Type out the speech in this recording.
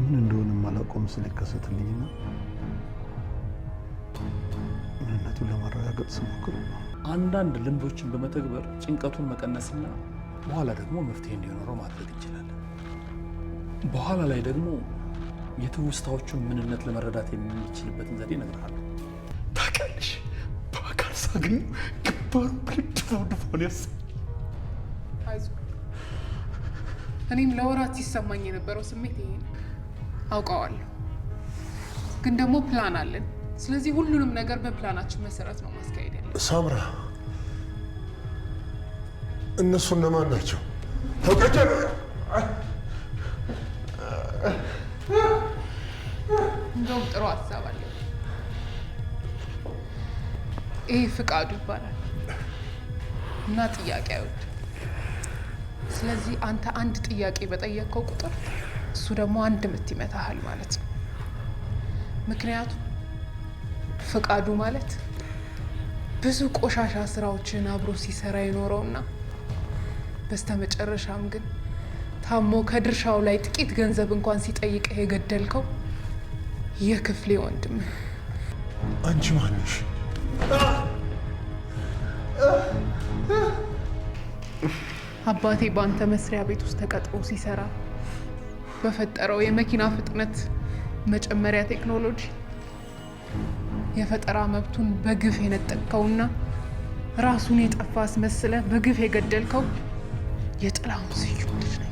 ምን እንደሆነ ማላቆም ስለከሰትልኝና ምንነቱን ለማረጋገጥ ስሞክር አንዳንድ ልምዶችን በመተግበር ጭንቀቱን መቀነስና በኋላ ደግሞ መፍትሄ እንዲኖረው ማድረግ ይችላል። በኋላ ላይ ደግሞ የትውስታዎቹን ምንነት ለመረዳት የሚችልበትን ዘዴ እነግርሃለሁ። ታውቂያለሽ፣ በአካል ሳገኘው ግንባሩ ብልድ ድፎን እኔም ለወራት ሲሰማኝ የነበረው ስሜት ይሄ ነው። አውቀዋለሁ። ግን ደግሞ ፕላን አለን። ስለዚህ ሁሉንም ነገር በፕላናችን መሰረት ነው ማስካሄድ ያለ። ሳምራ፣ እነሱ እነማን ናቸው? ተውቀጀ እንደውም ጥሩ ሀሳብ አለ። ይሄ ፍቃዱ ይባላል እና ጥያቄ አይወድም። ስለዚህ አንተ አንድ ጥያቄ በጠየቀው ቁጥር እሱ ደግሞ አንድ ምት ይመታሃል ማለት ነው። ምክንያቱም ፍቃዱ ማለት ብዙ ቆሻሻ ስራዎችን አብሮ ሲሰራ ይኖረውና በስተመጨረሻም ግን ታሞ ከድርሻው ላይ ጥቂት ገንዘብ እንኳን ሲጠይቅህ የገደልከው የክፍሌ ወንድም። አንቺ ማንሽ? አባቴ በአንተ መስሪያ ቤት ውስጥ ተቀጥሮ ሲሰራ በፈጠረው የመኪና ፍጥነት መጨመሪያ ቴክኖሎጂ የፈጠራ መብቱን በግፍ የነጠቅከውና ራሱን የጠፋ አስመስለህ በግፍ የገደልከው የጥላሁን ስዩም ልጅ ነው።